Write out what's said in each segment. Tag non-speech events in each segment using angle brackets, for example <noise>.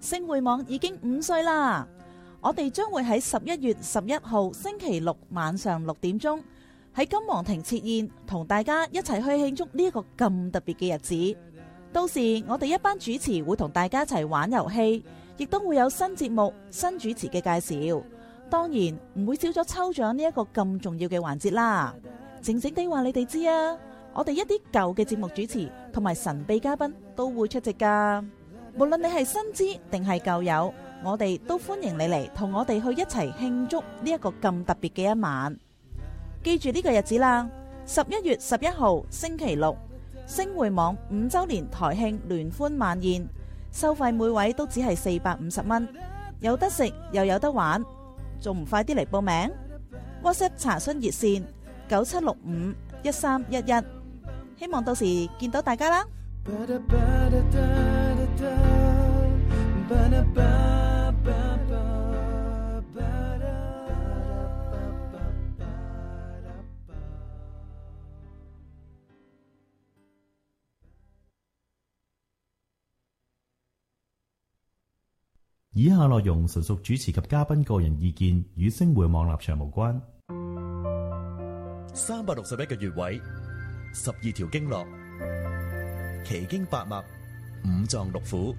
星匯網已經五歲啦！我哋將會喺十一月十一號星期六晚上六點鐘喺金皇庭設宴，同大家一齊去慶祝呢一個咁特別嘅日子。到時我哋一班主持會同大家一齊玩遊戲，亦都會有新節目、新主持嘅介紹。當然唔會少咗抽獎呢一個咁重要嘅環節啦。靜靜地話你哋知啊，我哋一啲舊嘅節目主持同埋神秘嘉賓都會出席噶。無論你係新知定係舊友，我哋都歡迎你嚟同我哋去一齊慶祝呢一個咁特別嘅一晚。記住呢個日子啦，十一月十一號星期六，星匯網五周年台慶聯歡晚宴，收費每位都只係四百五十蚊，有得食又有得玩，仲唔快啲嚟報名？WhatsApp 查詢熱線九七六五一三一一，希望到時見到大家啦。以下內容純屬主持及嘉賓個人意見，與星匯網立場無關。三百六十一個穴位，十二條經絡，奇經八脈。五臟六腑，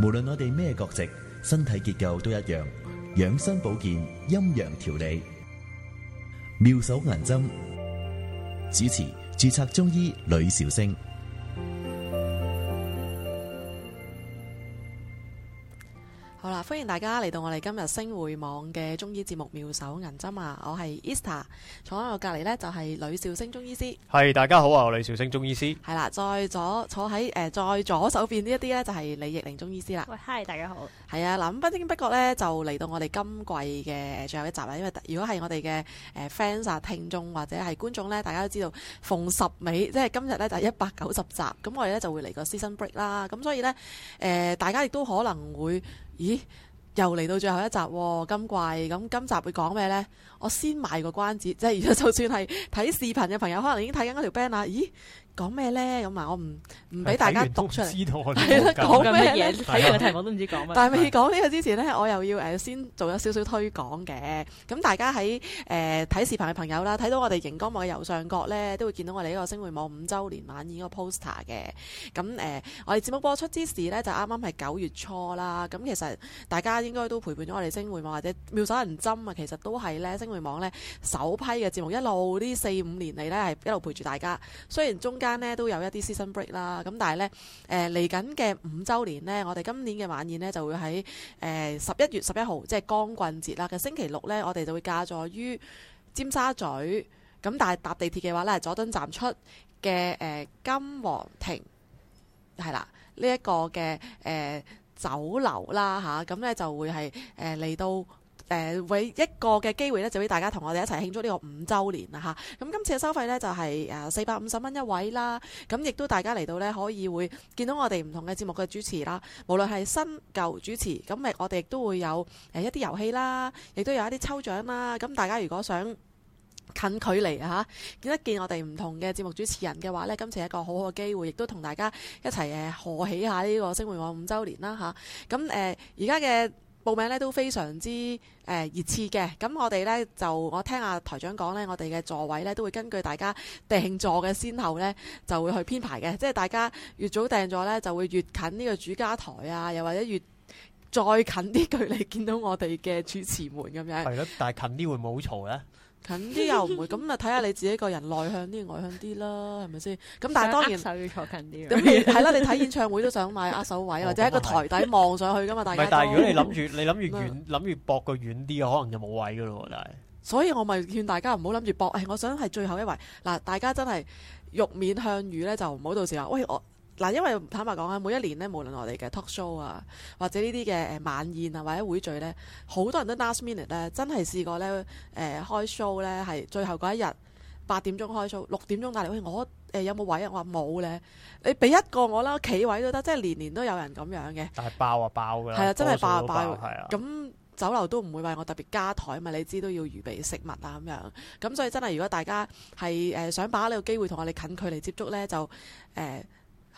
無論我哋咩國籍，身體結構都一樣，養生保健，陰陽調理，妙手銀針。主持註冊中醫呂兆星。歡迎大家嚟到，我哋今日星匯網嘅中醫節目《妙手銀針》啊！我係 Esther，坐喺我隔籬咧就係呂紹星中醫師。係大家好啊！我係呂紹星中醫師。係啦，再左坐喺誒，再左手邊呢一啲咧就係李亦玲中醫師啦。喂，hi，大家好。係啊，嗱，咁不經不覺咧就嚟到我哋今季嘅最後一集啦。因為如果係我哋嘅誒 fans 啊、聽眾或者係觀眾咧，大家都知道逢十尾，即係今日咧就係一百九十集，咁我哋咧就會嚟個 season break 啦。咁所以咧誒，大家亦都可能會。咦，又嚟到最後一集喎，哦，今季，咁今集會講咩呢？我先賣個關子，即係而家就算係睇視頻嘅朋友，可能已經睇緊嗰條 band 啦。咦？講咩咧？咁啊！我唔唔俾大家讀出嚟，係啦，講咩嘢？睇完個題我都唔知講咩。 <laughs> 但係未講呢個之前呢，我又要誒先做咗少少推廣嘅。咁大家喺誒睇視頻嘅朋友啦，睇到我哋熒光幕嘅右上角呢，都會見到我哋呢個星匯網五周年晚宴個 poster 嘅。咁誒、呃，我哋節目播出之時呢，就啱啱係九月初啦。咁其實大家應該都陪伴咗我哋星匯網或者妙手銀針啊，其實都係呢星匯網呢首批嘅節目，一路呢四五年嚟呢，係一路陪住大家。雖然中間。間呢都有一啲 season break 啦，咁但係呢，誒嚟緊嘅五周年呢，我哋今年嘅晚宴呢，就會喺誒十一月十一號，即係光棍節啦嘅星期六呢，我哋就會駕座於尖沙咀，咁但係搭地鐵嘅話呢，係佐敦站出嘅誒、呃、金皇庭係啦，呢、這、一個嘅誒、呃、酒樓啦吓，咁、啊、呢就會係誒嚟到。誒為一個嘅機會咧，就俾大家同我哋一齊慶祝呢個五週年啦嚇！咁、啊、今次嘅收費呢，就係誒四百五十蚊一位啦。咁、啊、亦都大家嚟到呢，可以會見到我哋唔同嘅節目嘅主持啦，無論係新舊主持。咁、啊、誒、啊，我哋亦都會有誒一啲遊戲啦，亦、啊、都有一啲抽獎啦。咁、啊啊、大家如果想近距離嚇、啊、見一見我哋唔同嘅節目主持人嘅話呢、啊，今次係一個好好嘅機會，亦都同大家一齊誒賀喜下呢個星匯王五週年啦吓，咁誒而家嘅。啊報名咧都非常之誒、呃、熱切嘅，咁我哋呢，就我聽阿台長講呢，我哋嘅座位呢，都會根據大家訂座嘅先後呢，就會去編排嘅，即係大家越早訂座呢，就會越近呢個主家台啊，又或者越再近啲距離見到我哋嘅主持們咁樣。係咯，但係近啲會唔會好嘈呢？近啲又唔會，咁啊，睇下你自己個人內向啲外向啲啦，係咪先？咁但係當然，握手要坐近啲， <laughs> 係啦。你睇演唱會都想買握手位，或者喺個台底望上去噶嘛？ <laughs> 是大家但係如果你諗住你諗住遠，諗住搏個遠啲，可能就冇位噶咯，但係。所以我咪勸大家唔好諗住搏，我想係最後一位。嗱，大家真係欲面向雨咧，就唔好到時候，喂我。嗱，因為坦白講啊，每一年咧，無論我哋嘅 talk show 啊，或者呢啲嘅晚宴啊，或者會聚呢、啊，好多人都 last minute 咧、啊，真係試過呢，誒、呃、開 show 呢、啊、係最後嗰一日八點鐘開 show，六點鐘嗌你，我誒、呃、有冇位啊？我話冇呢，你俾一個我啦，企位都得，即係年年都有人咁樣嘅。但係爆啊爆㗎，係啊，真係爆、啊、爆。咁酒樓都唔會為我特別加台，嘛，你知都要預備食物啊咁樣。咁所以真係，如果大家係誒、呃、想把握呢個機會同我哋近距離接觸呢，就誒。就呃嗯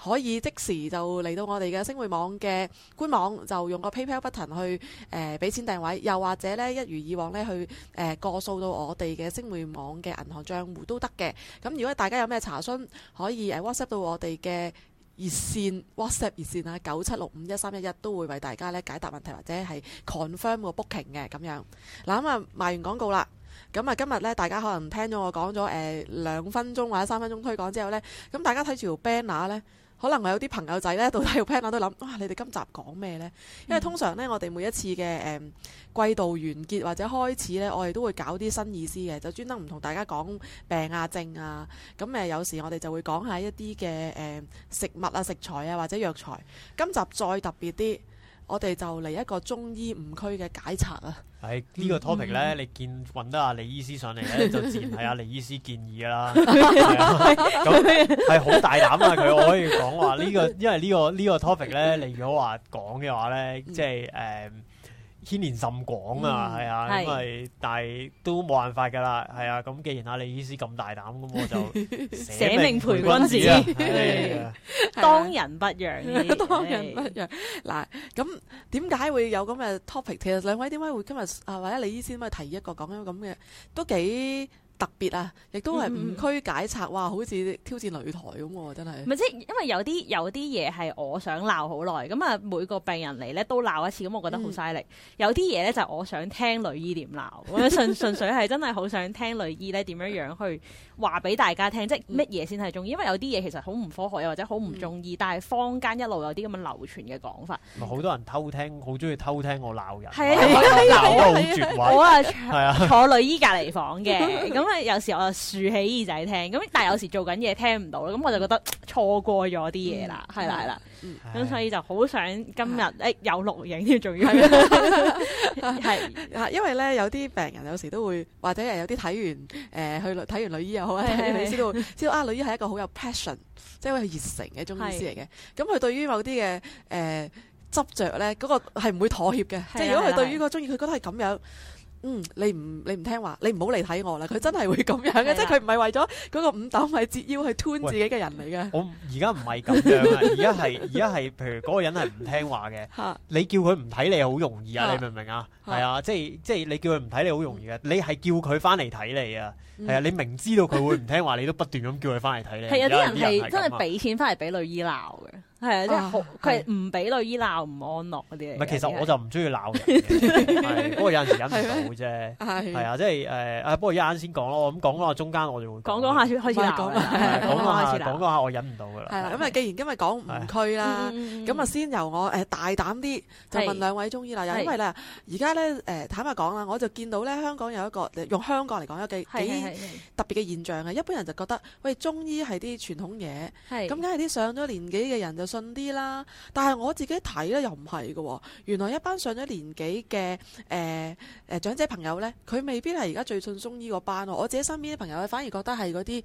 可以即時就嚟到我哋嘅星匯網嘅官網，就用個 PayPal button 去誒俾、呃、錢訂位，又或者咧一如以往咧去誒過數到我哋嘅星匯網嘅銀行帳戶都得嘅。咁如果大家有咩查詢，可以誒 WhatsApp 到我哋嘅熱線 WhatsApp 熱線啊，九七六五一三一一都會為大家咧解答問題或者係 confirm 個 booking 嘅咁樣嗱。咁啊賣完廣告啦，咁啊今日咧大家可能聽咗我講咗誒兩分鐘或者三分鐘推廣之後呢，咁大家睇住條 banner 呢。可能我有啲朋友仔呢，到底 r e 我都諗，哇！你哋今集講咩呢？因為通常呢，我哋每一次嘅誒、呃、季度完結或者開始呢，我哋都會搞啲新意思嘅，就專登唔同大家講病啊症啊。咁誒、呃、有時我哋就會講下一啲嘅誒食物啊食材啊，或者藥材。今集再特別啲。我哋就嚟一個中醫誤區嘅解拆啊！誒、嗯、呢個 topic 咧，你見揾得阿李醫師上嚟咧，就自然係阿李醫師建議㗎喇。咁係好大膽啊！佢我可以講話呢、這個，因為、這個這個、呢個呢個 topic 咧， <laughs> 你如果話講嘅話咧，即係誒。嗯呃牽連甚廣啊，係啊，因為，但係都冇辦法噶啦，係啊，咁既然阿李醫師咁大膽，咁我就捨命陪君子，當仁不讓，當仁不讓。嗱，咁點解會有咁嘅 topic？其實兩位點解會今日啊或者李醫師咁樣提一個講呢咁嘅，都幾～特別啊，亦都係誤區拆解。哇！好似挑戰擂台咁喎、啊，真係。咪、嗯、即係因為有啲有啲嘢係我想鬧好耐，咁啊每個病人嚟咧都鬧一次，咁我覺得好嘥力。嗯、有啲嘢咧就係我想聽女醫點鬧，咁 <laughs> 純粹係真係好想聽女醫咧點樣樣去話俾大家聽，嗯、即係乜嘢先係中醫？因為有啲嘢其實好唔科學，又或者好唔中醫，嗯、但係坊間一路有啲咁樣流傳嘅講法。好多人偷聽，好中意偷聽我鬧人。係啊的，鬧到 <laughs> 絕話。 <laughs> 我啊，坐，坐女醫隔離房嘅，咁。 <laughs> <laughs> 因為有時我就豎起耳仔聽，咁但係有時做緊嘢聽唔到啦，咁我就覺得錯過咗啲嘢啦，係啦，係啦、嗯，咁所以就好想今日誒、啊哎、有錄影添，仲要係，要哈哈哈哈，因為咧有啲病人有時都會，或者係有啲睇完誒去睇完女醫又好啊，睇完女醫知道知道啊，女醫係一個好有 passion，即係好熱誠嘅中醫師嚟嘅，咁佢對於某啲嘅誒執着咧，嗰、呃那個係唔會妥協嘅，即係如果佢對於個中醫佢覺得係咁樣。嗯，你唔你唔聽話，你唔好嚟睇我啦。佢真係會咁樣嘅，的即係佢唔係為咗嗰個五斗米折腰去吞自己嘅人嚟嘅。我而家唔係咁樣，而家係而家係，譬如嗰個人係唔聽話嘅。 <laughs> 你叫佢唔睇你好容易啊。 <laughs> 你明唔明啊？係啊， <laughs> 即係即係你叫佢唔睇你好容易嘅。你係叫佢翻嚟睇你啊？係啊，你明知道佢會唔聽話，你都不斷咁叫佢翻嚟睇你。係 <laughs> 有啲人係真係俾錢翻嚟俾女醫鬧嘅。係啊，即係好，佢唔俾女醫鬧唔安樂嗰啲。唔係，其實我就唔中意鬧嘅，不過有陣時忍唔到啫。係啊，即係誒，啊，不過一陣先講咯，咁講咗，中間我仲會講講下先，開始啦，講啦，開講嗰下我忍唔到噶啦。係啦，因為既然今日講誤區啦，咁啊先由我誒大膽啲就問兩位中醫啦，因為咧而家咧誒坦白講啦，我就見到咧香港有一個用香港嚟講有幾特別嘅現象嘅，一般人就覺得喂中醫係啲傳統嘢，咁梗係啲上咗年紀嘅人就信啲啦，但係我自己睇咧又唔係嘅，原來一班上咗年紀嘅誒誒長者朋友呢，佢未必係而家最信中醫個班咯。我自己身邊啲朋友咧，反而覺得係嗰啲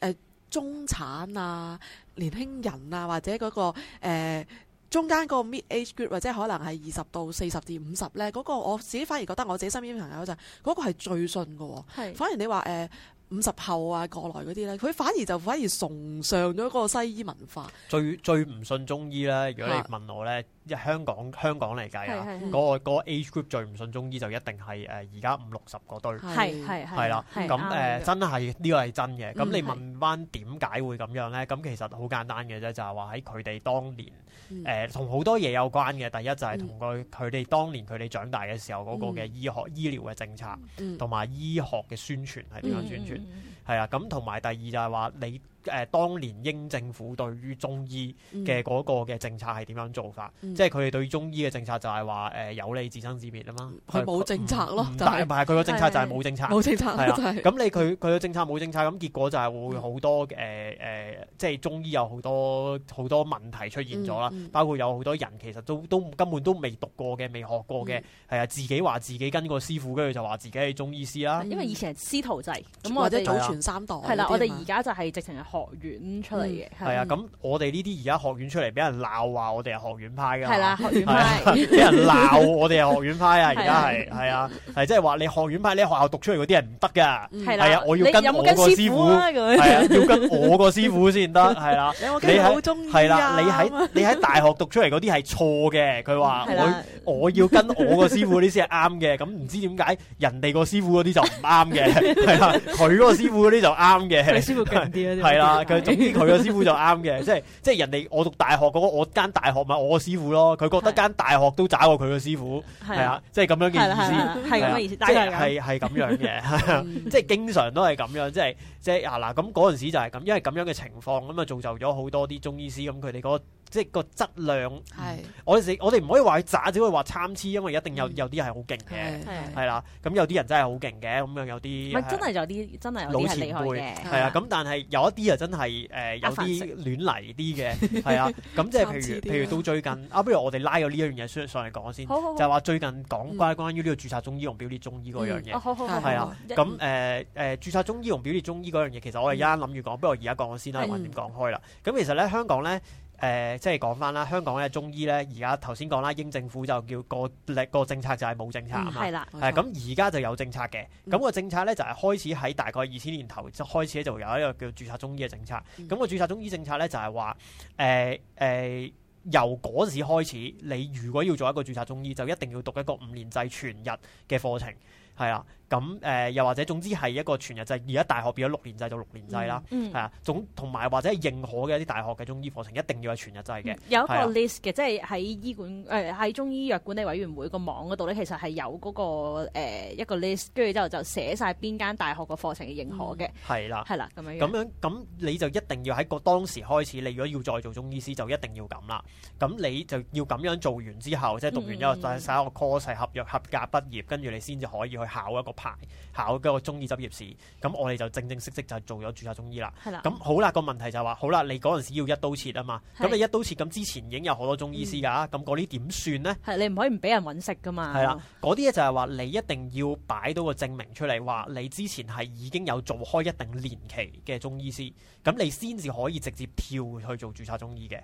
誒中產啊、年輕人啊，或者嗰個誒、呃、中間個 mid age group 或者可能係二十到四十至五十呢。嗰個我自己反而覺得我自己身邊啲朋友就嗰個係最信嘅。哦，係，反而你話誒。呃五十後啊，過來嗰啲咧，佢反而就反而崇尚咗個西醫文化。最最唔信中醫咧，如果你問我咧，香港香港嚟計啊，嗰、嗰個嗰、嗯嗰個嗰個、age group 最唔信中醫就一定係誒而家五六十嗰堆。係係啦，咁誒、呃、真係呢個係真嘅。咁你問翻點解會咁樣咧？咁、嗯、其實好簡單嘅啫，就係話喺佢哋當年誒同好多嘢有關嘅。第一就係同個佢哋當年佢哋長大嘅時候嗰個嘅醫學醫療嘅政策，同埋、嗯嗯嗯、醫學嘅宣傳係點樣宣傳？係啊，咁同埋第二就係話你。誒當年英政府對於中醫嘅嗰個嘅政策係點樣做法？即係佢哋對中醫嘅政策就係話誒有利自生自滅啊嘛，佢冇政策咯，但係佢個政策就係冇政策，冇政策啦，就咁你佢佢個政策冇政策，咁結果就係會好多誒誒，即係中醫有好多好多問題出現咗啦，包括有好多人其實都都根本都未讀過嘅，未學過嘅，係啊，自己話自己跟個師傅，跟住就話自己係中醫師啦，因為以前係師徒制，咁或者祖傳三代係啦，我哋而家就係直情係學學院出嚟嘅係啊，咁我哋呢啲而家學院出嚟，俾人鬧話我哋係學院派嘅係啦，學院俾人鬧，我哋係學院派啊，而家係係啊，係即係話你學院派，你學校讀出嚟嗰啲係唔得嘅，係啊，我要跟我個師傅，係啊，要跟我個師傅先得，係啦，你好中意係啦，你喺你喺大學讀出嚟嗰啲係錯嘅，佢話我我要跟我個師傅嗰啲先係啱嘅，咁唔知點解人哋個師傅嗰啲就唔啱嘅，係啦，佢嗰個師傅嗰啲就啱嘅，你師傅啲啊，係。啦，佢總之佢個師傅就啱嘅，即係即係人哋我讀大學嗰個，我間大學咪我師傅咯，佢覺得間大學都渣過佢個師傅，係啊，即係咁樣嘅意思，係咁嘅意思，即係係係咁樣嘅，係啊，即係經常都係咁樣，即係即係啊嗱，咁嗰陣時就係咁，因為咁樣嘅情況，咁啊造就咗好多啲中醫師，咁佢哋個。即係個質量，我哋我哋唔可以話佢渣，只可以話參差，因為一定有有啲係好勁嘅，係啦。咁有啲人真係好勁嘅，咁樣有啲唔係真係有啲真係老前輩，係啊。咁但係有一啲啊，真係誒有啲亂嚟啲嘅，係啊。咁即係譬如譬如到最近啊，不如我哋拉咗呢一樣嘢上上嚟講先，就係話最近講關關於呢個注冊中醫同表列中醫嗰樣嘢，係啊。咁誒誒，註冊中醫同表列中醫嗰樣嘢，其實我哋而家諗住講，不如我而家講先啦，搵點講開啦。咁其實咧，香港咧。誒、呃，即係講翻啦，香港嘅中醫咧，而家頭先講啦，英政府就叫個咧、那個政策就係冇政策啊嘛，係啦、嗯，係咁而家就有政策嘅，咁、嗯、個政策咧就係、是、開始喺大概二千年頭就開始咧就有一個叫註冊中醫嘅政策，咁、嗯、個註冊中醫政策咧就係、是、話，誒、呃、誒、呃，由嗰時開始，你如果要做一個註冊中醫，就一定要讀一個五年制全日嘅課程，係啦。咁誒、呃，又或者總之係一個全日制，而家大學變咗六年制就六年制啦，係、嗯、啊，總同埋或者係認可嘅一啲大學嘅中醫課程，一定要係全日制嘅、嗯。有一個 list 嘅，啊、即係喺醫管誒喺、呃、中醫藥管理委員會個網嗰度咧，其實係有嗰、那個、呃、一個 list，跟住之後就寫晒邊間大學個課程嘅認可嘅。係啦、嗯，係啦、啊，咁、啊、樣。咁樣你就一定要喺個當時開始，你如果要再做中醫師就一定要咁啦。咁你就要咁樣做完之後，即係讀完之後再曬個 course 係合約合格畢業，跟住你先至可以去考一個。排考個中醫執業試，咁我哋就正正式式就做咗註冊中醫啦。咁係啦，好啦，個問題就係話，好啦，你嗰陣時要一刀切啊嘛。咁係啦，你一刀切咁之前已經有好多中醫師噶，咁嗰啲點算呢？係你唔可以唔俾人搵食噶嘛？係啊，係啦，嗰啲咧就係話你一定要擺到個證明出嚟，話你之前係已經有做開一定年期嘅中醫師，咁你先至可以直接跳去做註冊中醫嘅。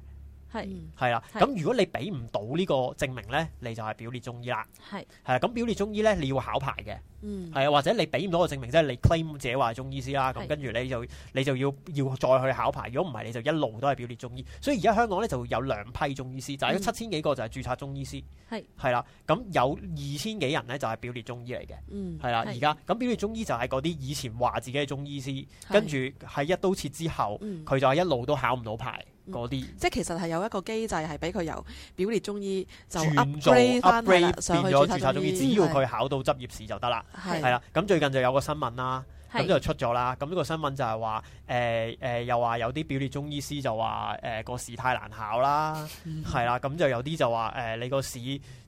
係，啦、mm。咁、hmm. 如果你俾唔到呢個證明咧，你就係表列中醫啦。係，係啊。咁表列中醫咧，你要考牌嘅。係啊、mm hmm.，或者你俾唔到個證明，即、就、係、是、你 claim 自己話係中醫師啦。咁跟住你就你就要要再去考牌。如果唔係，你就一路都係表列中醫。所以而家香港咧就有兩批中醫師，就係七千幾個就係註冊中醫師，係、mm，係、hmm. 啦。咁有二千幾人咧就係、是、表列中醫嚟嘅。嗯、mm。係、hmm. 啦，而家咁表列中醫就係嗰啲以前話自己係中醫師，跟住喺一刀切之後，佢、mm hmm. 就一路都考唔到牌。嗰啲，嗯、些即係其實係有一個機制係俾佢由表列中醫轉做就 upgrade 變咗註冊中醫，的只要佢考到執業試就得啦。係啦的，咁最近就有個新聞啦，咁的就出咗啦。咁呢個新聞就係話，誒、呃、誒、呃，又話有啲表列中醫師就話，誒、呃、個試太難考啦，係啦、嗯，咁就有啲就話，誒、呃、你個試，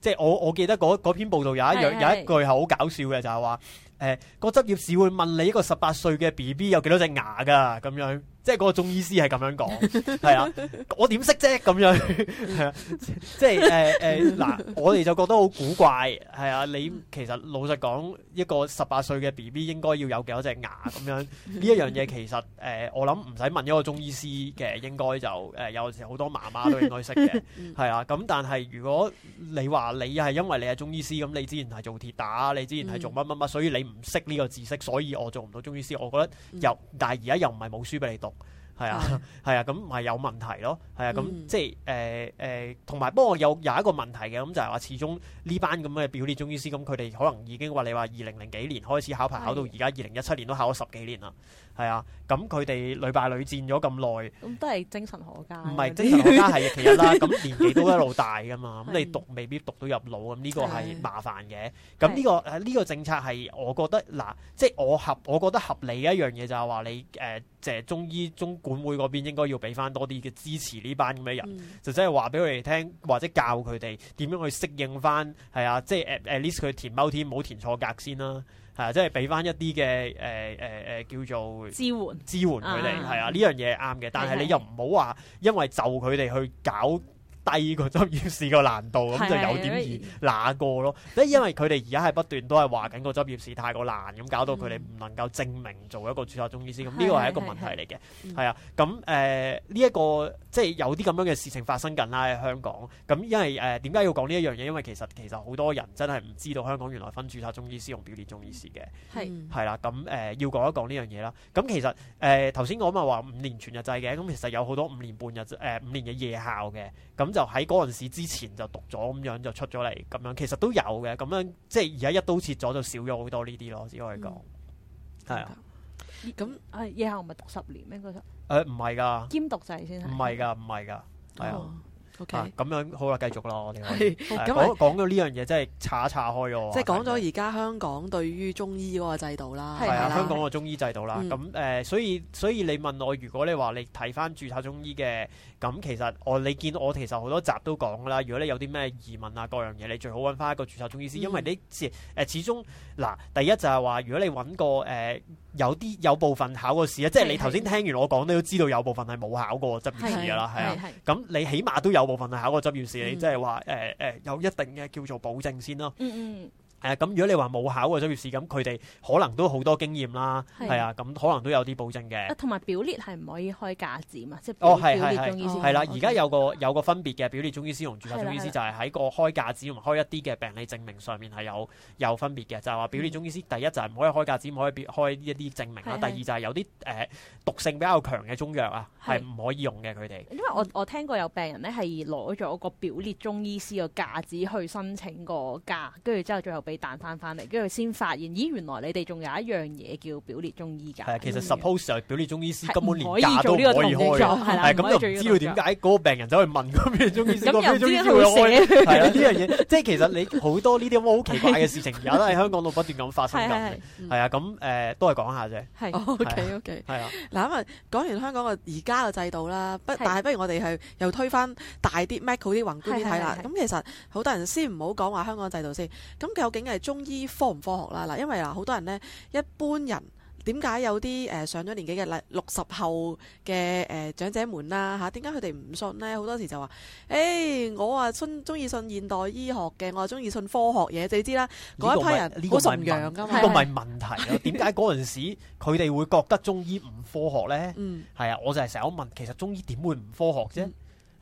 即係我我記得嗰篇報道有一樣的有一句係好搞笑嘅，就係、是、話，誒、呃那個執業試會問你一個十八歲嘅 B B 有幾多隻牙㗎咁樣。即係嗰個中醫師係咁樣講，係啊， <laughs> 我點識啫？咁樣，係啊，即係誒誒嗱，我哋就覺得好古怪，係啊。你其實老實講，一個十八歲嘅 BB 應該要有幾多隻牙咁樣？呢一 <laughs> 樣嘢其實誒、呃，我諗唔使問一個中醫師嘅，應該就誒有時好多媽媽都應該識嘅，係 <laughs> 啊。咁但係如果你話你係因為你係中醫師，咁你之前係做跌打，你之前係做乜乜乜，所以你唔識呢個知識，所以我做唔到中醫師。我覺得又，但係而家又唔係冇書俾你讀。係啊，係啊，咁咪有問題咯。係啊，咁即係誒誒，同埋不過有有一個問題嘅，咁就係話始終呢班咁嘅表列中醫師，咁佢哋可能已經話你話二零零幾年開始考牌，的考到而家二零一七年都考咗十幾年啦。係啊，咁佢哋屢敗屢戰咗咁耐，咁、嗯、都係精神可嘉。唔係是精神可嘉係其一啦。咁年紀都一路大㗎嘛，咁 <laughs> 的你讀未必讀到入腦，咁呢個係麻煩嘅。咁呢的、這個呢的個政策係我覺得嗱，即係、就是、我合我覺得合理嘅一樣嘢就係話你即誒、呃就是、中醫中管會嗰邊應該要俾翻多啲嘅支持呢班咁嘅人，嗯、就即係話俾佢哋聽或者教佢哋點樣去適應翻，係啊，即係誒誒 at least 佢填某啲冇填錯格先啦。係啊，即係俾翻一啲嘅誒誒誒叫做支援支援佢哋。係啊，呢樣嘢啱嘅，但係你又唔好話因為就佢哋去搞。第二個執業試個難度咁的就有點易拿過咯，即係 <laughs> 因為佢哋而家係不斷都係話緊個執業試太過難，咁搞到佢哋唔能夠證明做一個註冊中醫師，咁呢、嗯、個係一個問題嚟嘅。係啊，咁誒呢一個即係有啲咁樣嘅事情發生緊啦喺香港。咁因為誒點解要講呢一樣嘢？因為其實其實好多人真係唔知道香港原來分註冊中醫師同表列中醫師嘅。係係啦，咁誒、嗯呃、要講一講呢樣嘢啦。咁其實誒頭先我咪話五年全日制嘅，咁其實有好多五年半日誒、呃、五年嘅夜校嘅，咁。就喺嗰陣時之前就讀咗咁樣就出咗嚟咁樣，其實都有嘅咁樣，即係而家一刀切咗就少咗好多呢啲咯，只可以講係、嗯、啊。咁夜校唔係讀十年咩應該？誒，唔係噶，兼讀制先係。唔係噶，唔係噶，係啊。哦咁 Okay.、啊、樣好啦，繼續咯。我哋係講講到呢樣嘢，真係查查開咗。即係講咗而家香港對於中醫嗰個制度啦，係的的香港個中醫制度啦。咁誒的、呃，所以所以你問我，如果你話你睇翻注冊中醫嘅，咁其實我你見我其實好多集都講噶啦。如果你有啲咩疑問啊，各樣嘢，你最好揾翻一個注冊中醫師，嗯、因為你誒、呃，始終嗱，第一就係話如果你揾個誒。呃有啲有部分考過試啊，即係你頭先聽完我講咧，都知道有部分係冇考過執業試噶啦，係啊。咁你起碼都有部分係考過執業試，嗯、你即係話誒誒有一定嘅叫做保證先咯。嗯嗯。係，咁如果你話冇考過執業試，咁佢哋可能都好多經驗啦，係啊，咁可能都有啲保證嘅。同埋表列係唔可以開架子嘛？即係哦，係係係，係啦，而家有個有個分別嘅表列中醫師同註冊中醫師，就係喺個開架子同開一啲嘅病理證明上面係有有分別嘅，就係話表列中醫師第一就係唔可以開架子，唔可以變開一啲證明啦；第二就係有啲誒毒性比較強嘅中藥啊，係唔可以用嘅佢哋。因為我我聽過有病人咧係攞咗個表列中醫師嘅架子去申請個假，跟住之後最後，俾彈翻翻嚟，跟住先發現，咦，原來你哋仲有一樣嘢叫表列中醫㗎。係啊，其實 suppose 表列中醫師根本連假都可以做呢個動作，係咁，就唔知道點解嗰個病人走去問嗰表列中醫師個表列中醫。係啊，呢樣嘢，即係其實你好多呢啲咁好奇怪嘅事情，而家都喺香港度不斷咁發生緊。係啊，咁誒都係講下啫。係，OK OK。係啊，嗱咁啊，講完香港嘅而家嘅制度啦，不，但係不如我哋係又推翻大啲、macro 啲、宏觀啲睇啦。咁其實好多人先唔好講話香港制度先，咁究竟係中醫科唔科學啦？嗱，因為嗱，好多人呢，一般人點解有啲誒、呃、上咗年紀嘅六十後嘅誒、呃、長者們啦吓，點解佢哋唔信呢？好多時就話：誒、欸，我話信中意信現代醫學嘅，我中意信科學嘢，就知啦。嗰一批人好崇洋噶嘛，呢個唔係問,問題。點解嗰陣時佢哋會覺得中醫唔科學咧？係啊， <laughs> 我就係成日問，其實中醫點會唔科學啫？嗯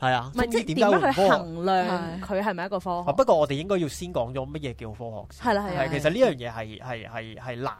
係啊，唔知點解去衡量佢係咪一個科學？不過我哋應該要先講咗乜嘢叫科學。係啦係，其實呢樣嘢係係係係難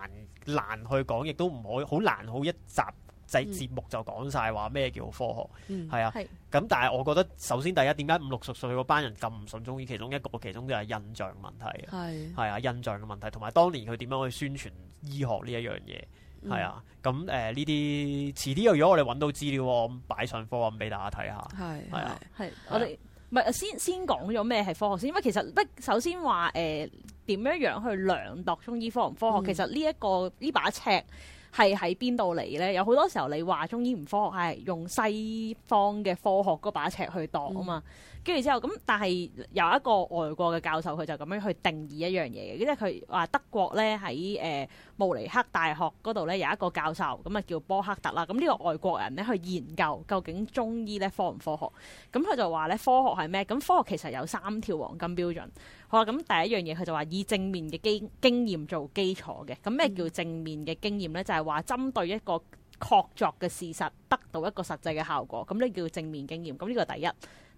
難去講，亦都唔可好難好一集仔節目就講晒話咩叫科學。嗯，啊，咁但係我覺得首先第一，點解五六十歲嗰班人咁唔順中醫，其中一個其中都係印象問題。係係啊，印象嘅問題，同埋當年佢點樣去宣傳醫學呢一樣嘢。係啊，咁誒呢啲遲啲又如果我哋揾到資料，我擺上課咁俾大家睇下。係係是是 啊，係是是、啊、我哋唔係先先講咗咩係科學先，因為其實首先話誒點樣樣去量度中醫科唔科學？嗯、其實呢、這個、一個呢把尺係喺邊度嚟咧？有好多時候你話中醫唔科學，係用西方嘅科學嗰把尺去度啊嘛。嗯嗯跟住之後咁，但係有一個外國嘅教授，佢就咁樣去定義一樣嘢。因為佢話德國咧喺誒慕尼克大學嗰度咧有一個教授咁啊叫波克特啦。咁呢個外國人咧去研究究竟中醫咧科唔科學？咁佢就話咧科學係咩？咁科學其實有三條黃金標準。好啊，咁第一樣嘢佢就話以正面嘅基經驗做基礎嘅。咁咩叫正面嘅經驗咧？嗯、就係話針對一個確鑿嘅事實得到一個實際嘅效果，咁呢叫正面經驗。咁呢個第一。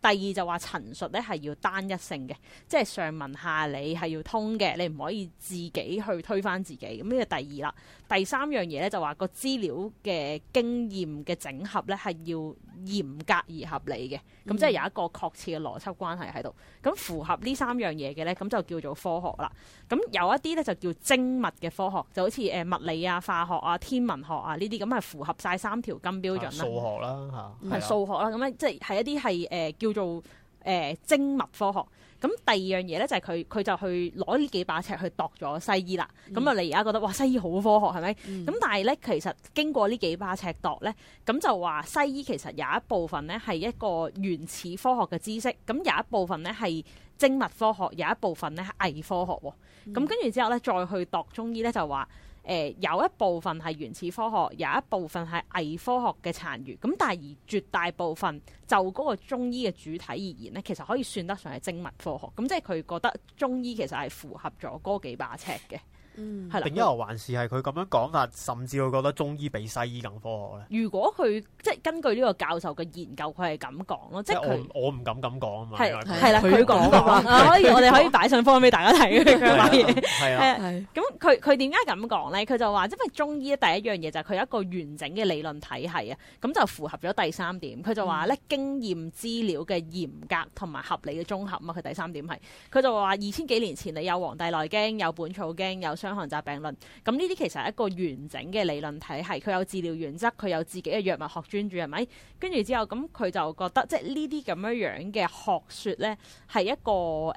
第二就話陳述咧係要單一性嘅，即係上文下理係要通嘅，你唔可以自己去推翻自己。咁呢個第二啦。第三樣嘢咧就話個資料嘅經驗嘅整合咧係要嚴格而合理嘅，咁、嗯、即係有一個確切嘅邏輯關係喺度。咁符合呢三樣嘢嘅咧，咁就叫做科學啦。咁有一啲咧就叫精密嘅科學，就好似誒物理啊、化學啊、天文學啊呢啲咁係符合晒三條金標準啦。數、啊、學啦嚇，係、啊、數、嗯、學啦。咁咧即係係一啲係誒叫做誒、呃、精密科學，咁第二樣嘢咧就係佢佢就去攞呢幾把尺去度咗西醫啦。咁啊、嗯，你而家覺得哇，西醫好科學係咪？咁、嗯、但係咧，其實經過呢幾把尺度咧，咁就話西醫其實有一部分咧係一個原始科學嘅知識，咁有一部分咧係精密科學，有一部分咧係偽科學。咁跟住之後咧，再去度中醫咧就話。誒、呃、有一部分係原始科學，有一部分係偽科學嘅殘餘。咁但係而絕大部分就嗰個中醫嘅主體而言咧，其實可以算得上係精密科學。咁即係佢覺得中醫其實係符合咗嗰幾把尺嘅。嗯，係啦，另一個還是係佢咁樣講法，甚至會覺得中醫比西醫更科學咧？如果佢即係根據呢個教授嘅研究，佢係咁講咯，即係我唔敢咁講啊嘛，係係啦，佢講啊，以我哋可以擺上科俾大家睇，係係咁，佢佢點解咁講咧？佢就話，因為中醫第一樣嘢就係佢有一個完整嘅理論體系啊，咁就符合咗第三點。佢就話咧，經驗資料嘅嚴格同埋合理嘅綜合啊嘛，佢第三點係，佢就話二千幾年前你有《黃帝內經》有《本草經》有。傷寒雜病論，咁呢啲其實係一個完整嘅理論體系，佢有治療原則，佢有自己嘅藥物學專注，係咪？跟住之後，咁佢就覺得，即係呢啲咁樣樣嘅學說呢，係一個誒，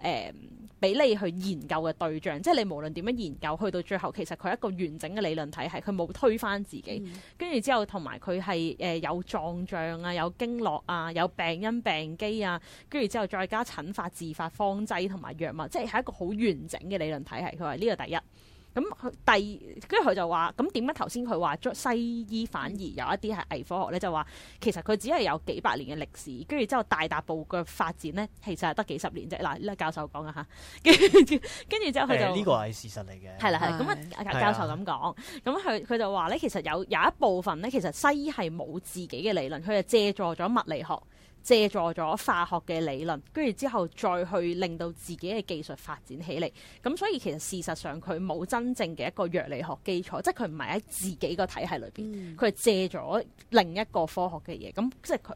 俾、嗯、你去研究嘅對象。即係你無論點樣研究，去到最後，其實佢一個完整嘅理論體系，佢冇推翻自己。跟住、嗯、之後，同埋佢係誒有臟象、呃、啊，有經絡啊，有病因病機啊，跟住之後再加診法治法方劑同埋藥物，即係一個好完整嘅理論體系。佢話呢個第一。咁佢第跟住佢就話：咁點解頭先佢話西醫反而有一啲係偽科學咧？就話其實佢只係有幾百年嘅歷史，跟住之後大踏步嘅發展咧，其實係得幾十年啫。嗱，呢個教授講嘅嚇，跟住之後佢就誒呢 <laughs> <laughs> 個係事實嚟嘅。係啦係，咁啊的、嗯、教授咁講，咁佢佢就話咧，其實有有一部分咧，其實西醫係冇自己嘅理論，佢係借助咗物理學。借助咗化學嘅理論，跟住之後再去令到自己嘅技術發展起嚟。咁所以其實事實上佢冇真正嘅一個藥理學基礎，即係佢唔係喺自己個體系裏邊，佢、嗯、係借咗另一個科學嘅嘢。咁即係佢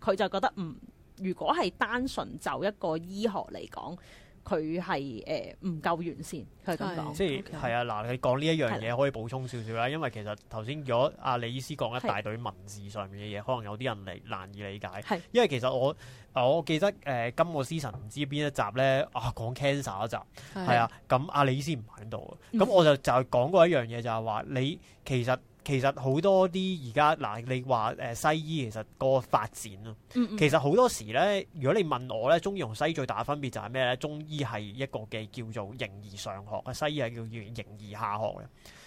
佢就覺得唔、嗯，如果係單純就一個醫學嚟講。佢係誒唔夠完善，佢咁講。即係係啊，嗱 Okay.，你講呢一樣嘢可以補充少少啦。因為其實頭先如果阿李醫師講一大堆文字上面嘅嘢，的可能有啲人嚟難以理解。係的，因為其實我我記得誒、呃、今個 season 唔知邊一集咧啊講 cancer 一集係啊，咁的阿李醫師唔喺度，咁我就就係講過一樣嘢，就係話你其實。其實好多啲而家嗱，你話誒西醫其實個發展咯，嗯嗯，其實好多時咧，如果你問我咧，中醫同西醫最大分別就係咩咧？中醫係一個嘅叫做形而上學，啊西醫係叫叫形而下學嘅。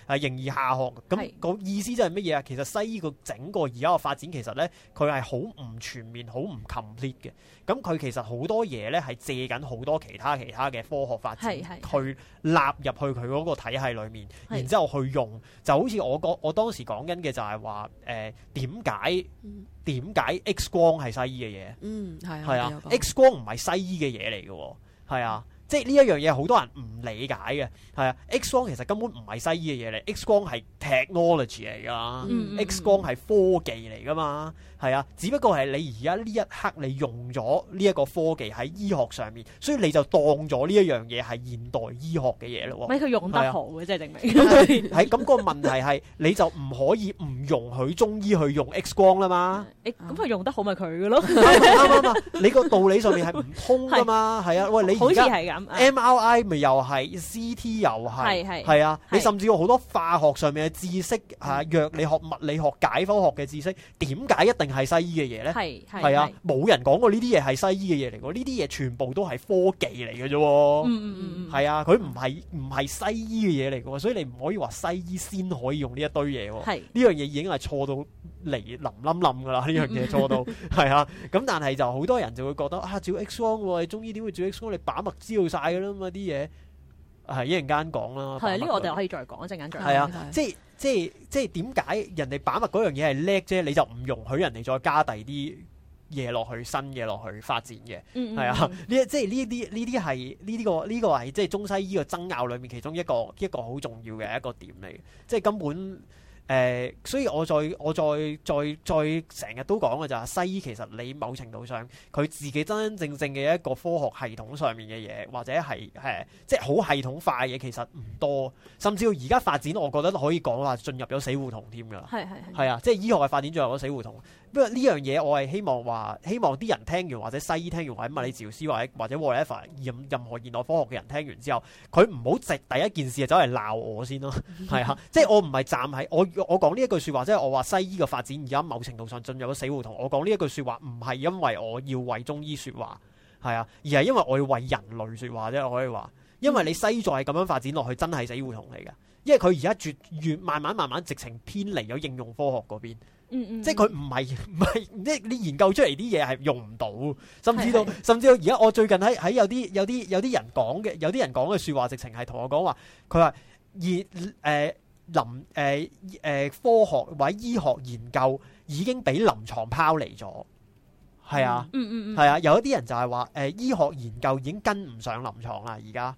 係形而下學，咁、那個意思即係乜嘢啊？其實西醫個整個而家嘅發展其實咧，佢係好唔全面，好唔 complete 嘅。咁佢其實好多嘢咧係借緊好多其他其他嘅科學發展去納入去佢嗰個體系裡面，是是是然之後去用，就好似我個我當時講緊嘅就係話，誒點解點解 X 光係西醫嘅嘢？嗯，係係啊，X 光唔係西醫嘅嘢嚟嘅喎，係啊。即係呢一樣嘢，好多人唔理解嘅，係啊。X 光其實根本唔係西醫嘅嘢嚟，X 光係 technology 嚟㗎，嗯，X 光係科技嚟㗎嘛。係啊，只不過係你而家呢一刻你用咗呢一個科技喺醫學上面，所以你就當咗呢一樣嘢係現代醫學嘅嘢咯。咪佢用得好嘅，即係證明。係咁，個問題係你就唔可以唔容許中醫去用 X 光啦嘛？咁佢用得好咪佢嘅咯。啱啱啊！你個道理上面係唔通㗎嘛？係啊，喂，你而家 MRI 咪又係 CT 又係係啊！你甚至好多化學上面嘅知識啊，藥理學、物理學、解剖學嘅知識，點解一定係西醫嘅嘢咧，係對啊，冇人講過呢啲嘢係西醫嘅嘢嚟喎，呢啲嘢全部都係科技嚟嘅啫。嗯嗯係、嗯、啊，佢唔係唔係西醫嘅嘢嚟嘅喎，所以你唔可以話西醫先可以用呢一堆嘢喎。呢樣嘢已經係錯到嚟冧冧冧噶啦，呢樣嘢錯到係、嗯、啊。咁但係就好多人就會覺得啊，照、哎、X 光，你中醫點會照 X 光？你把脈知道曬嘅啦嘛啲嘢，係、啊、一陣間講啦。係呢個我哋可以再講一陣間再講啊，即係、嗯。即係即係點解人哋把脈嗰樣嘢係叻啫？你就唔容許人哋再加第啲嘢落去、新嘢落去發展嘅係、嗯嗯嗯、啊？呢即係呢啲呢啲係呢啲個呢、這個係即係中西醫個爭拗裏面其中一個一個好重要嘅一個點嚟，嘅，即係根本。誒、呃，所以我再我再再再成日都講嘅就係西醫，其實你某程度上佢自己真真正正嘅一個科學系統上面嘅嘢，或者係誒，即係好系統化嘅嘢，其實唔多。甚至乎而家發展，我覺得可以講話進入咗死胡同添㗎喇。係係係啊，即係醫學嘅發展進入咗死胡同。不過呢樣嘢，我係希望話，希望啲人聽完，或者西醫聽完，或者物理治療師，或者或者任任何現代科學嘅人聽完之後，佢唔好直第一件事就走嚟鬧我先咯，係啊，即係我唔係站喺我我講呢一句説話，即係我話西醫嘅發展而家某程度上進入咗死胡同。我講呢一句説話唔係因為我要為中醫説話，係啊，而係因為我要為人類説話啫。我可以話，因為你西醫再係咁樣發展落去，真係死胡同嚟噶，因為佢而家越越慢慢慢慢直情偏離咗應用科學嗰邊。嗯嗯即係佢唔係唔係，即係你研究出嚟啲嘢係用唔到，甚至到是是甚至到而家我最近喺喺有啲有啲有啲人講嘅，有啲人講嘅說，說話，直情係同我講話，佢話熱誒林誒誒、呃呃、科學或者醫學研究已經俾臨床拋離咗，係啊，嗯，啊嗯嗯，嗯，係啊，有一啲人就係話誒醫學研究已經跟唔上臨床啦而家。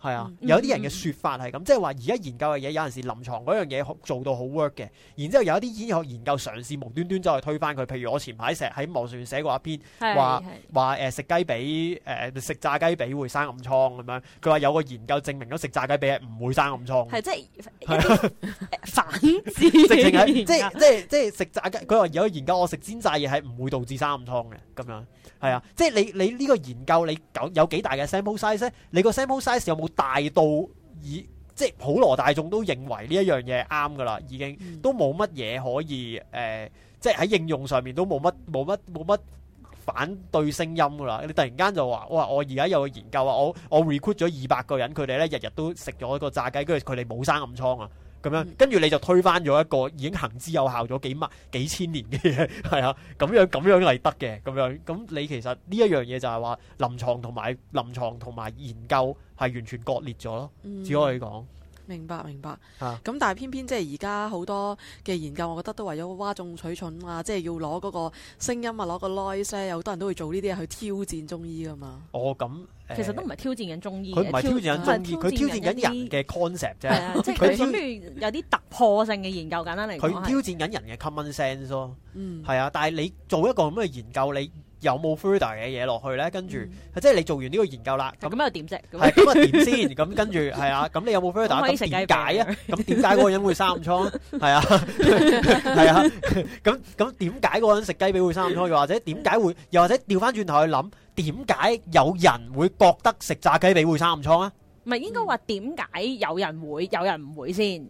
係啊，有啲人嘅説法係咁，即係話而家研究嘅嘢有陣時臨床嗰樣嘢做到好 work 嘅，然之後有一啲醫學研究嘗試無端端就去推翻佢。譬如我前排成日喺網上寫過一篇，話話誒食雞髀誒、呃、食炸雞髀會生暗瘡咁樣。佢話有個研究證明咗食炸雞髀唔會生暗瘡。就是、 <laughs> 即係反證，即係即係即係食炸雞。佢話有個研究，我食煎炸嘢係唔會導致生暗瘡嘅咁樣。係啊，即係你你呢個研究你有有幾大嘅 sample size 你個 sample size 有冇？大到以即係普羅大眾都認為呢一樣嘢啱㗎啦，已經都冇乜嘢可以誒、呃，即係喺應用上面都冇乜冇乜冇乜反對聲音㗎啦。你突然間就話哇，我而家有個研究啊，我我 recruit 咗二百個人，佢哋咧日日都食咗一個炸雞，跟住佢哋冇生暗瘡啊！咁樣，跟住你就推翻咗一個已經行之有效咗幾萬幾千年嘅嘢，係啊，咁樣咁樣嚟得嘅，咁樣，咁你其實呢一樣嘢就係話臨床同埋臨牀同埋研究係完全割裂咗咯，只可以講。嗯明白明白，咁、啊、但係偏偏即係而家好多嘅研究，我覺得都為咗嘩眾取寵啊！即係要攞嗰個聲音啊，攞個 noise 聲，有好多人都會做呢啲嘢去挑戰中醫啊嘛。哦，咁、欸、其實都唔係挑戰緊中、中醫，佢唔係挑戰緊、啊、中醫，佢挑戰緊人嘅 concept 啫。即係佢挑有啲突破性嘅研究，簡單嚟講，佢挑戰緊人嘅 common sense 咯。嗯，係啊，但係你做一個咁嘅研究你？有冇 further 嘅嘢落去咧？跟住即係你做完呢個研究啦。咁又點啫？係咁啊點先？咁跟住係啊。咁你有冇 further？咁點解啊？咁點解嗰個人會生暗瘡？係啊係啊。咁咁點解嗰個人食雞髀會生暗瘡？又或者點解會？又或者調翻轉頭去諗，點解有人會覺得食炸雞髀會生暗瘡啊？唔係應該話點解有人會，有人唔會先？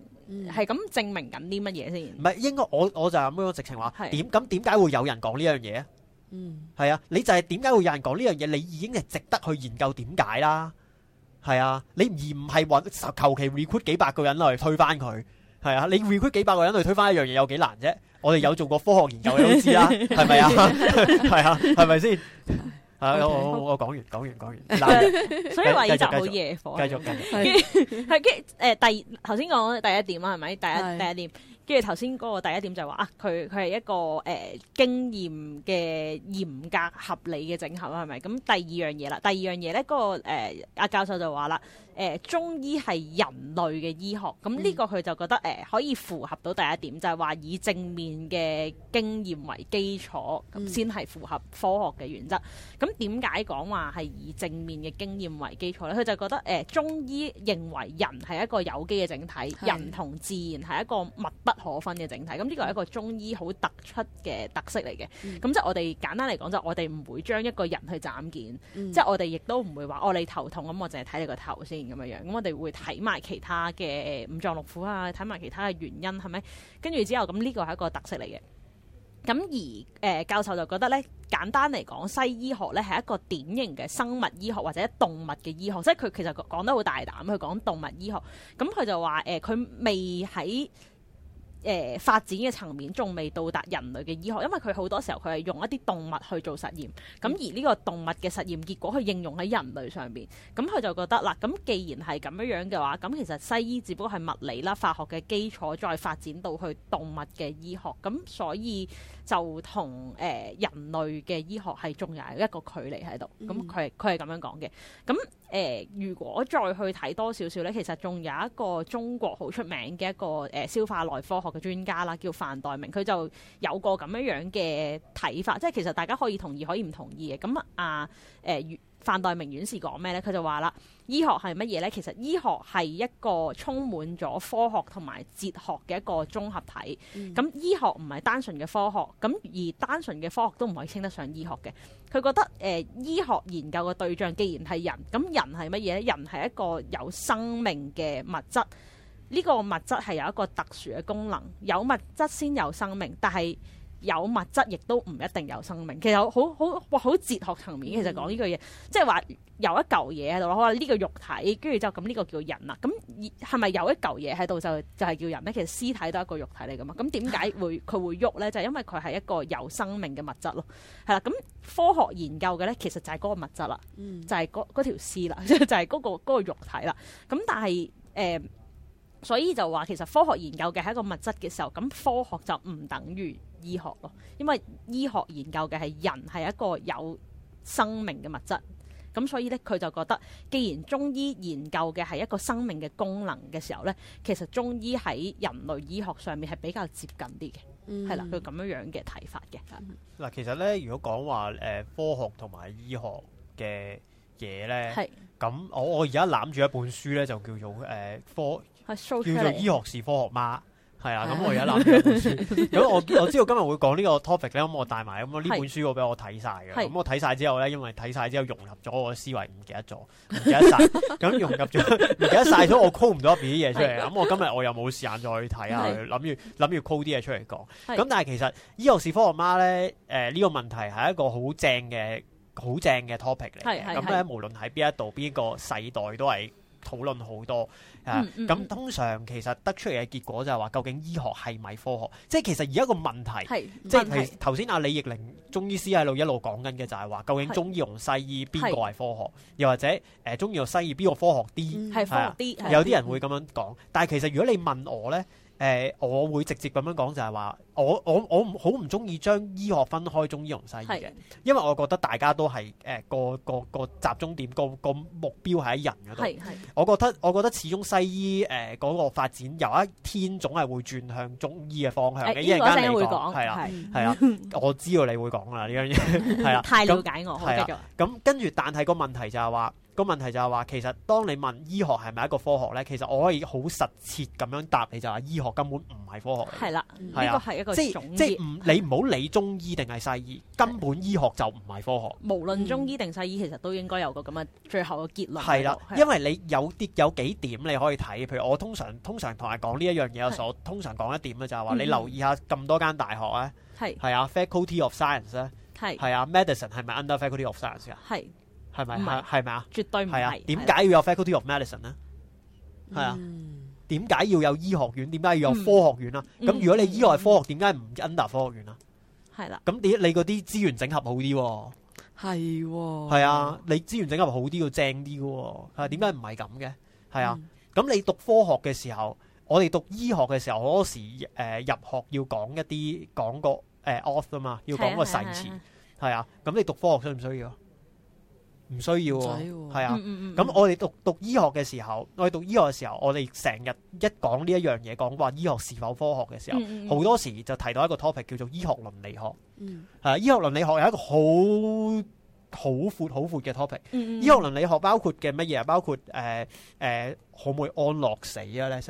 係咁證明緊啲乜嘢先？唔係應該我我就咁樣直情話點？咁點解會有人講呢樣嘢啊？嗯，係啊，你就係點解會有人講呢樣嘢？你已經係值得去研究點解啦，係啊，你而唔係話求求其 recruit 幾百個人落去推翻佢，係啊，你 recruit 幾百個人落去推翻一樣嘢有幾難啫？我哋有做過科學研究嘅都知啦，係咪啊？係啊，係咪先？係我我我講完，講完，講完。所以話呢集好嘢。繼續繼續。係嘅，誒，第頭先講第一點啊，係咪？第一第一點。跟住頭先嗰個第一點就係話啊，佢佢係一個誒、呃、經驗嘅嚴格合理嘅整合啦，係咪？咁第二樣嘢啦，第二樣嘢咧，嗰、個阿、呃、教授就話啦。誒中醫係人類嘅醫學，咁呢個佢就覺得誒、嗯呃、可以符合到第一點，就係、是、話以正面嘅經、嗯、經驗為基礎，咁先係符合科學嘅原則。咁點解講話係以正面嘅經驗為基礎咧？佢就覺得誒、呃、中醫認為人係一個有機嘅整體，是人同自然係一個密不可分嘅整體。咁呢個係一個中醫好突出嘅特色嚟嘅。咁、嗯、即係我哋簡單嚟講，就我哋唔會將一個人去斬件，嗯、即係我哋亦都唔會話哦，你頭痛，咁我淨係睇你個頭先。咁樣樣，咁我哋會睇埋其他嘅五臟六腑啊，睇埋其他嘅原因係咪？跟住之後，咁呢個係一個特色嚟嘅。咁而誒、呃，教授就覺得呢，簡單嚟講，西醫學呢係一個典型嘅生物醫學或者動物嘅醫學，即係佢其實講得好大膽，佢講動物醫學。咁佢就話誒，佢、呃、未喺。誒、呃、發展嘅層面仲未到達人類嘅醫學，因為佢好多時候佢係用一啲動物去做實驗，咁而呢個動物嘅實驗結果佢應用喺人類上邊，咁佢就覺得啦，咁既然係咁樣樣嘅話，咁其實西醫只不過係物理啦、化學嘅基礎，再發展到去動物嘅醫學，咁所以。就同誒、呃、人類嘅醫學係仲有一個距離喺度，咁佢佢係咁樣講嘅。咁誒、呃，如果再去睇多少少呢？其實仲有一個中國好出名嘅一個誒、呃、消化內科學嘅專家啦，叫范代明，佢就有個咁樣樣嘅睇法，即係其實大家可以同意可以唔同意嘅。咁啊，誒、呃呃范代明院士講咩咧？佢就話啦，醫學係乜嘢咧？其實醫學係一個充滿咗科學同埋哲學嘅一個綜合體。咁、嗯、醫學唔係單純嘅科學，咁而單純嘅科學都唔可以稱得上醫學嘅。佢覺得誒、呃，醫學研究嘅對象既然係人，咁人係乜嘢咧？人係一個有生命嘅物質，呢、這個物質係有一個特殊嘅功能，有物質先有生命，但係，有物質亦都唔一定有生命，其實好好哇，好哲學層面。其實講呢句嘢，即係話有一嚿嘢喺度，可能呢個肉體，跟住就後咁呢個叫人啦。咁係咪有一嚿嘢喺度就就係、是、叫人咧？其實屍體都係一個肉體嚟噶嘛。咁點解會佢 <laughs> 會喐咧？就係、是、因為佢係一個有生命嘅物質咯。係啦，咁科學研究嘅咧，其實就係嗰個物質啦、嗯那個，就係嗰嗰條屍啦，就係嗰個肉體啦。咁但係誒。嗯所以就話其實科學研究嘅係一個物質嘅時候，咁科學就唔等於醫學咯，因為醫學研究嘅係人係一個有生命嘅物質，咁所以呢，佢就覺得，既然中醫研究嘅係一個生命嘅功能嘅時候呢，其實中醫喺人類醫學上面係比較接近啲嘅，係啦、嗯，佢咁樣樣嘅睇法嘅。嗱、嗯，其實呢，如果講話誒科學同埋醫學嘅嘢呢，係咁是我我而家攬住一本書呢，就叫做誒、呃、科。叫做醫學是科學媽，係啊，咁我而家攞住本書，咁我我知道今日會講呢個 topic 咧，咁我帶埋咁啊呢本書我俾我睇晒嘅，咁我睇晒之後咧，因為睇晒之後融合咗我嘅思維，唔記得咗，唔記得晒，咁融合咗，唔記得晒咗，我 call 唔到啲嘢出嚟，咁我今日我又冇時間再睇啊，諗住諗住 call 啲嘢出嚟講，咁但係其實醫學是科學媽咧，誒呢個問題係一個好正嘅好正嘅 topic 嚟嘅，咁咧無論喺邊一度邊個世代都係。討論好多啊！咁、嗯嗯、通常其實得出嚟嘅結果就係話，究竟醫學係咪科學？即係其實而家個問題，是即係頭先阿李亦玲中醫師喺度一路講緊嘅就係話，究竟中醫同西醫邊是個係科學？又或者誒，中醫同西醫邊個科學啲？係有啲人會咁樣講。嗯、但係其實如果你問我呢。誒、呃，我會直接咁樣講就係話，我我我唔好唔中意將醫學分開中醫同西醫嘅。是因為我覺得大家都係誒、呃、個個個集中點，個個目標係喺人嗰度，我覺得我覺得始終西醫誒嗰、呃、個發展有一天總係會轉向中醫嘅方向嘅。欸、一陣間你講會講，係啊係啊，我知道你會講啦呢樣嘢。係啊， <laughs> 太了解我。好， <laughs> 繼續。咁跟住，但係個問題就係話，個問題就係話，其實當你問醫學係咪一個科學咧，其實我可以好實切咁樣答你，就話醫學根本唔係科學。係啦，呢個係一個總結。即係唔你唔好理中醫定係西醫，根本醫學就唔係科學。無論中醫定西醫，其實都應該有個咁嘅最後嘅結論。係啦，因為你有啲有幾點你可以睇，譬如我通常通常同人講呢一樣嘢，我通常講一點咧就係話，你留意下咁多間大學咧，係係啊 Faculty of Science 咧，係啊 Medicine 係咪 under Faculty of Science 㗎？係。係咪？係係咪啊？絕對係啊！點解要有 Faculty of Medicine 咧？係啊，點解要有醫學院？點解要有科學院啊？咁如果你醫係科學，點解唔 under 科學院啊？係啦。咁你你嗰啲資源整合好啲，係係啊！你資源整合好啲要正啲嘅，點解唔係咁嘅？係啊！咁你讀科學嘅時候，我哋讀醫學嘅時候，好多時誒入學要講一啲講個誒 off 啊嘛，要講個誓詞，係啊！咁你讀科學需唔需要？唔需要喎，係啊，咁我哋讀讀醫學嘅時候，我哋讀醫學嘅時候，我哋成日一講呢一樣嘢，講話醫學是否科學嘅時候，好、嗯嗯、多時就提到一個 topic 叫做醫學倫理學。嗯、啊，醫學倫理學有一個好好闊、好闊、好闊嘅 topic。嗯、醫學倫理學包括嘅乜嘢？包括誒誒。呃呃可唔可以安樂死啊咧，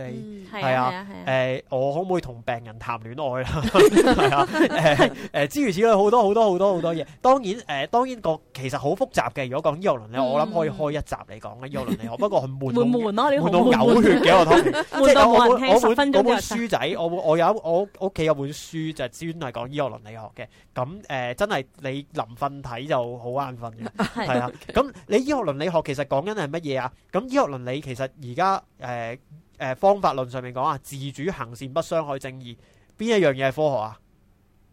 係啊，誒，我可唔可以同病人談戀愛啦？係啊，誒誒，諸如此類好多好多好多好多嘢。當然誒，當然個其實好複雜嘅。如果講醫學倫理，我諗可以開一集嚟講嘅醫學倫理學。不過好悶，悶到，悶到嘔血嘅我都。即係我我我我本書仔，我我有我屋企有本書就專係講醫學倫理學嘅。咁誒，真係你臨瞓睇就好眼瞓嘅，係啊。咁你醫學倫理學其實講緊係乜嘢啊？咁醫學倫理其實而家誒誒方法論上面講啊，自主行善不傷害正義，邊一樣嘢係科學啊？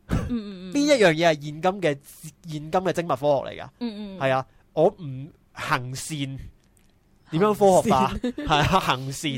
邊 <laughs> 一樣嘢係現今嘅現今嘅精密科學嚟噶？係 <laughs> 啊，我唔行善，點樣科學化？行善 <laughs> 啊，行善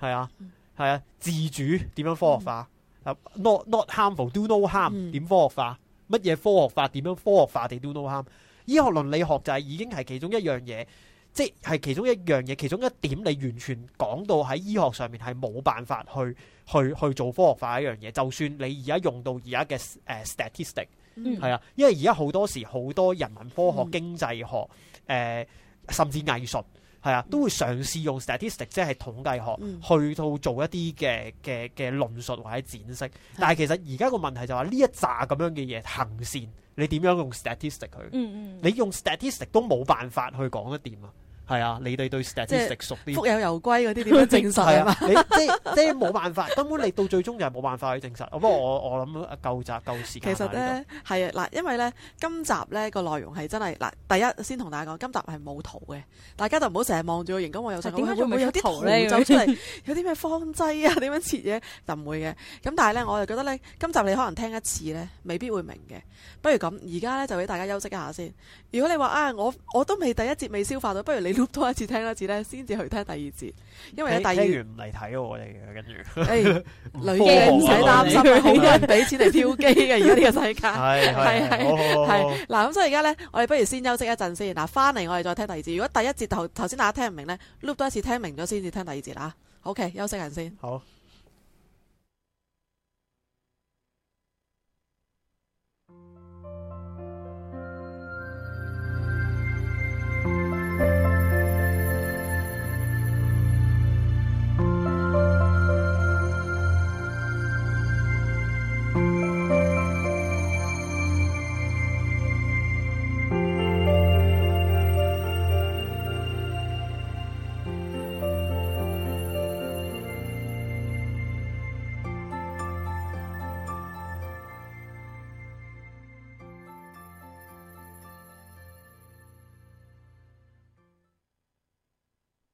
係啊，係啊，自主點樣科學化 <laughs> ？Not not harmful, do no harm，點科學化？乜嘢科學化？點樣科學化？定 do no harm？ <laughs> 醫學倫理學就係已經係其中一樣嘢。即係其中一樣嘢，其中一點你完全講到喺醫學上面係冇辦法去去去做科學化一樣嘢。就算你而家用到而家嘅誒、uh, statistic，係、嗯、啊，因為而家好多時好多人文、科學、經濟學誒、嗯呃，甚至藝術係啊，都會嘗試用 statistic，即係統計學、嗯、去到做一啲嘅嘅嘅論述或者展示。但係其實而家個問題就話、是、呢、嗯、一扎咁樣嘅嘢行線你，你點樣用 statistic 佢？嗯、你用 statistic 都冇辦法去講得掂啊！係啊，你哋對 s t a 食熟啲，福有攸歸嗰啲點樣證實？係 <laughs> 你即即冇辦法，根本你到最終就係冇辦法去證實。不過 <laughs> 我我諗夠集夠時間。其實咧係嗱，因為咧今集咧個內容係真係嗱，第一先同大家講，今集係冇圖嘅，大家就唔好成日望住。而家我有成，點解會唔會有啲圖走出嚟？ <laughs> 有啲咩方劑啊？點樣切嘢就唔會嘅。咁但係咧，我就覺得咧，今集你可能聽一次咧，未必會明嘅。不如咁，而家咧就俾大家休息一下先。如果你話啊，我我都未第一節未消化到，不如你。loop 多一次聽多次咧，先至去聽第二節，因為第二聽完唔嚟睇我哋嘅，跟住，女嘅唔使擔心，好難俾錢嚟跳機嘅，而家呢個世界，係係係，嗱咁，所以而家咧，我哋不如先休息一陣先，嗱翻嚟我哋再聽第二節。如果第一節頭頭先大家聽唔明咧 loop 多一次聽明咗先至聽第二節啦。好，OK，休息陣先。好。